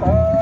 Thank you.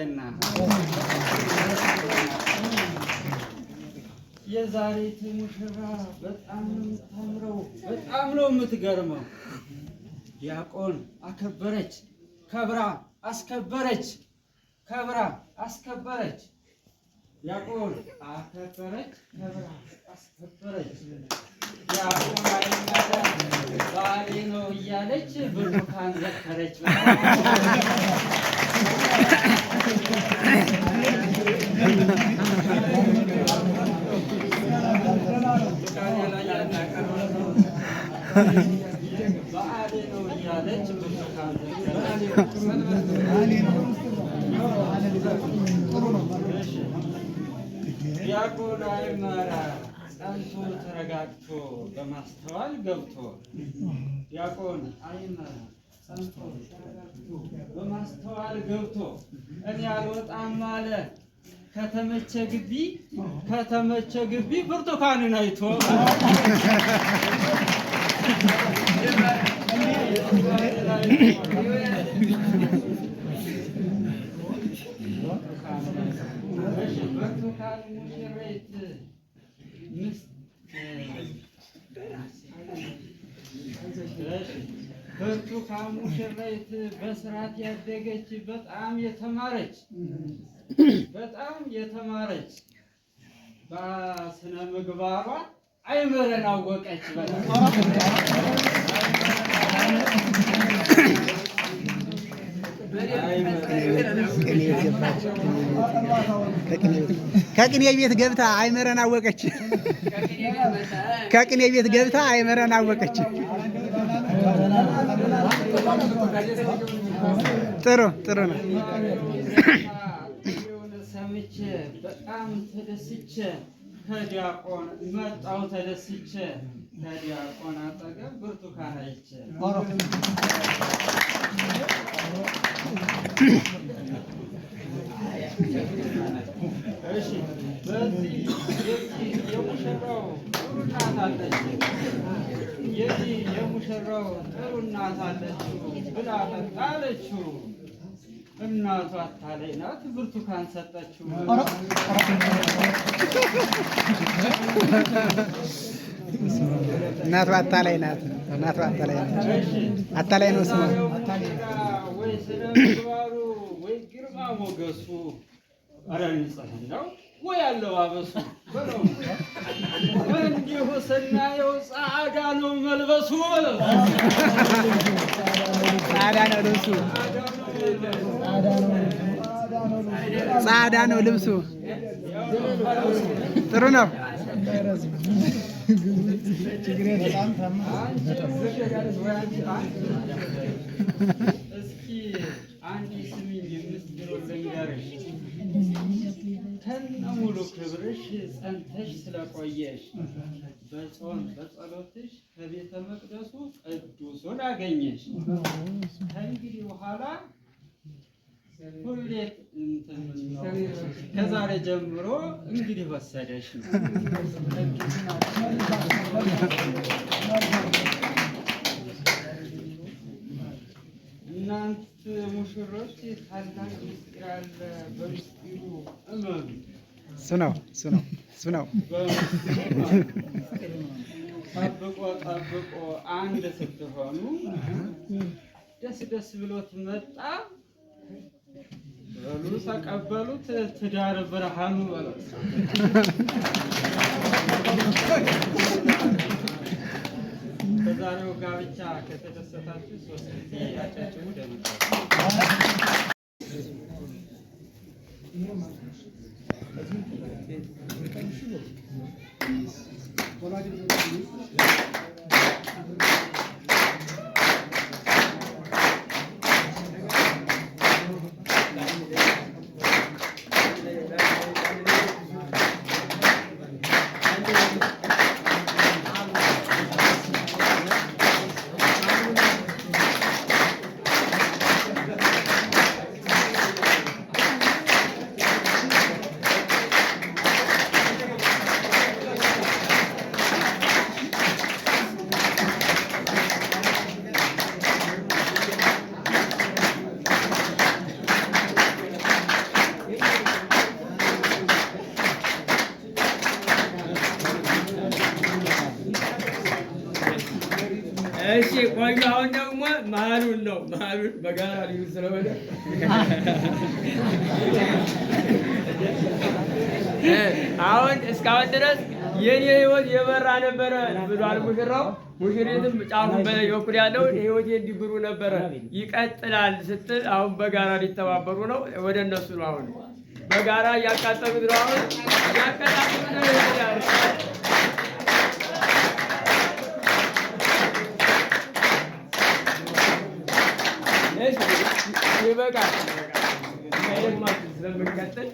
ይሆናልና የዛሬቱ ሙሽራ በጣም ነው የምታምረው፣ በጣም ነው የምትገርመው። ዲያቆን አከበረች፣ ከብራ አስከበረች፣ ከብራ አስከበረች፣ ዲያቆን አከበረች፣ ከብራ አስከበረች። ዲያቆን ባሌ ነው እያለች ብርቱካን ዘከረች። ዲያቆን አይመራ ጸንቶ ተረጋግቶ በማስተዋል ገብቶ ዲያቆን አይመራ ጸንቶ በማስተዋል ገብቶ እኔ አልወጣም አለ። ከተመቸ ግቢ ከተመቸ ግቢ ብርቱካንን አይቶ ብርቱካን ሙሽሬት ምስ ብርቱካን ሙሽራይት በስርዓት ያደገች በጣም የተማረች በጣም የተማረች በስነ ምግባሯ አይመረን አወቀች። ከቅኔ ቤት ገብታ አይመረን አወቀች። ከቅኔ ቤት ገብታ አይመረን አወቀች። ጥሩ ጥሩ ነው። ሰምቼ በጣም ተደስቼ ከዲያቆን መጣሁ ተደስቼ ከዲያቆን አጠገብ ብርቱካን አይቼ በዚህ የሙሽራው ሩቃት አለች ሙሽራው ጥሩ እናት አለችው ብላ መጣ አለችው። አታላይ ናት፣ ብርቱካን ሰጠችው። እናቱ አታላይ ናት። እናቱ አታላይ ናት። አታላይ ነው ስሙ። ወይ ስነ ምግባሩ ወይ ግርማ ሞገሱ አረ ንጽህናው ወይ አለው አበሱ እንዲሁ ስናየው ጻዕዳ ነው መልበሱ ጻዕዳ ነው ልብሱ ጻዕዳ ነው ልብሱ። ጥሩ ነው። እስኪ አንድ ስሚ የምትድሮ ዘንጋሪ በስነ ሙሉ ክብርሽ ጸንተሽ ስለቆየሽ በጾም በጸሎትሽ ከቤተ መቅደሱ ቅዱሱን አገኘሽ። ከእንግዲህ በኋላ ሁሌ ከዛሬ ጀምሮ እንግዲህ ወሰደሽ ነው። ሙሽሮች ታላቅ ምስጢር አለ። በምስጢሩ እመኑ። ስነው ስነው ስነው ጠብቆ ጠብቆ አንድ ስትሆኑ ደስ ደስ ብሎት መጣ በሉ ተቀበሉት። ትዳር ብርሃኑ በለው હજારો ગાવિચા કે તે સતાતી સોસતી આચા ચૂટે Kolay gelsin. Thank you. አሁን ደግሞ መሀሉን ነው መሀሉን በጋራ ልዩ ስለሆነ አሁን እስካሁን ድረስ የኔ ህይወት የበራ ነበረ ብሏል ሙሽራው። ሙሽሪትም ጫፉን በኩል ያለው ህይወት እንዲብሩ ነበረ ይቀጥላል ስትል አሁን በጋራ ሊተባበሩ ነው። ወደ እነሱ ነው አሁን በጋራ እያቃጠሉት ነው። አሁን እያቀጣጠሉ ነው። ይበቃል። ስለምንቀጥል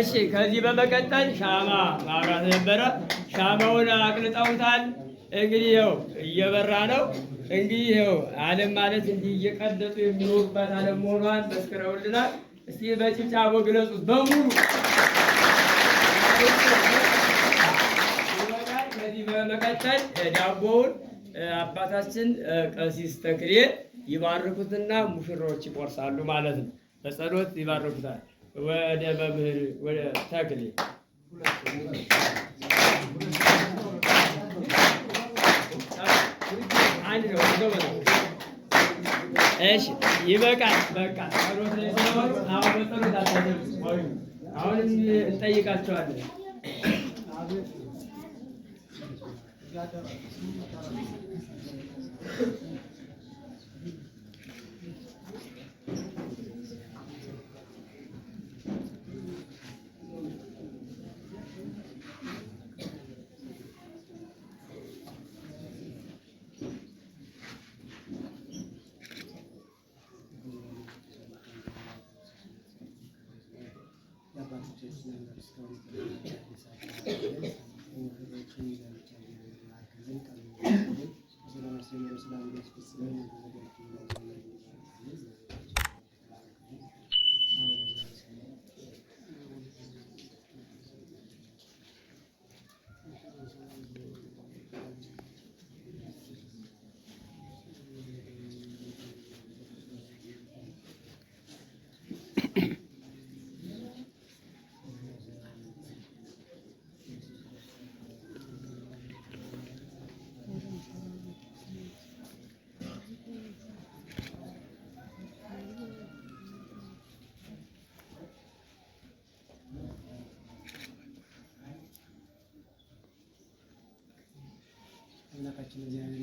እሺ ከዚህ በመቀጠል ሻማ ማብራት ነበረ። ሻማውን አቅልጠውታል። እንግዲህ ይኸው እየበራ ነው። እንግዲህ ይኸው ዓለም ማለት እንዲህ እየቀለጡ የሚኖሩባት ዓለም መሆኗን መስክረውልናል። እስቲ በጭብጫቦ ግለጹት በሙሉ በመቀጠል ዳቦውን አባታችን ቀሲስ ተክሌ ይባርኩትና ሙሽሮች ይቆርሳሉ ማለት ነው። በጸሎት ይባርኩታል። ወደ መምህር ወደ ተክሌ እሺ፣ ይበቃል። በቃ ጸሎት ላይ ስለሆነ አሁን በጸሎት አታደርጉ። አሁንም እንጠይቃቸዋለን። Já አባቶቻችን እስካሁን ሳቸውን ለብቻ ማገዝን ቀ ስለማስለኛ ስላ ስስለን ዘጋጅ ላ ነው ሀገራችን እግዚአብሔር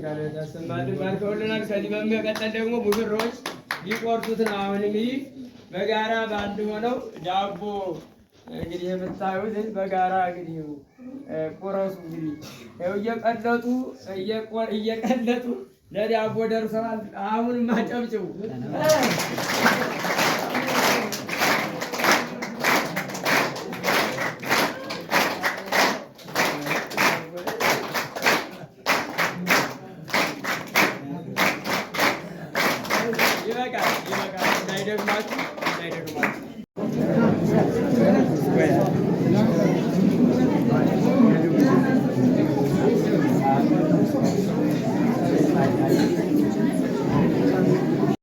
ይባርክልን። ባርከውልናል። ከዚህ በመቀጠል ደግሞ ሙሽሮች ሊቆርጡት ነው። አሁንም ይህ በጋራ በአንድ ሆነው ዳቦ እንግዲህ የምታዩትን በጋራ እንግዲህ ቁረሱ። እንግዲህ እየቀለጡ እየቀለጡ ለዳቦ ደርሰዋል። አሁንም አጨብጭቡ። Thank you.